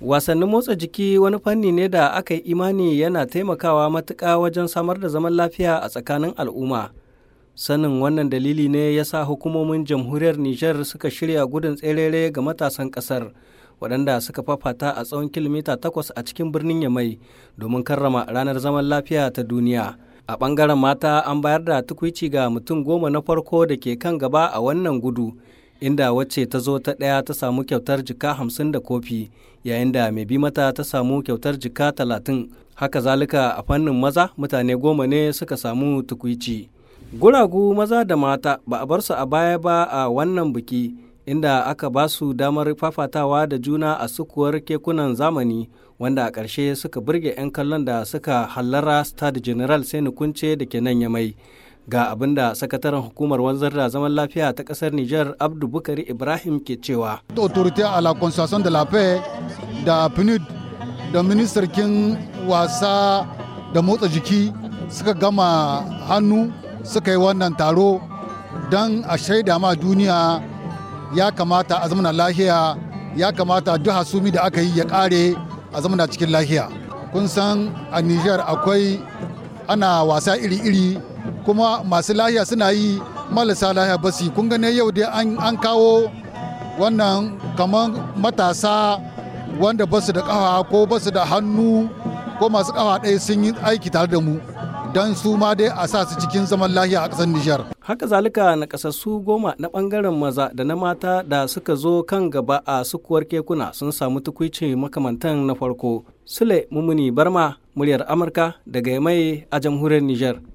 Wasannin motsa jiki wani fanni ne da aka yi imani yana taimakawa matuka wajen samar da zaman lafiya a tsakanin al'umma. Sanin wannan dalili ne ya sa hukumomin jamhuriyar Nijar suka shirya gudun tserere ga matasan ƙasar waɗanda suka fafata a tsawon kilomita takwas a cikin birnin Yamai domin karrama ranar zaman lafiya ta duniya. A ɓangaren mata an bayar da tukwici ga mutum goma na farko da ke kan gaba a wannan gudu. inda wacce ta zo ta ɗaya ta samu kyautar jika hamsin da kofi yayin da mai bi mata ta samu kyautar jika talatin haka zalika a fannin maza mutane goma ne suka samu tukwici guragu maza da mata ba a bar su a baya ba a wannan biki inda aka ba su damar fafatawa da juna a sukuwar kekunan zamani wanda a ƙarshe suka burge 'yan kallon da suka hallara stade general sai kunce da ke nan ya mai Ga abin da sakataren hukumar wanzar da zaman lafiya ta kasar Nijar Abdu Bukari Ibrahim ke cewa. Autorité a la Constitution de la paix da PNUD da ministarkin wasa da motsa jiki suka gama hannu suka yi wannan taro don a shaida ma duniya ya kamata a zamanin lahiya ya kamata duk hasumi da aka yi ya kare a zamana cikin lahiya kun san a nijar akwai ana wasa iri-iri kuma masu lahiya suna yi malasa lahiya basi su kun gane yau dai an kawo wannan kamar matasa wanda ba su da kawa ko ba da hannu ko masu kawa ɗaya sun yi aiki tare da mu don su ma dai a sa su cikin zaman lahiya a ƙasar Nijar. Haka zalika na kasassu goma na ɓangaren maza da na mata da suka zo kan gaba a sukuwar kekuna sun samu tukwice makamantan na farko. Sule Mumuni Barma, muryar Amurka daga mai a jamhuriyar Nijar.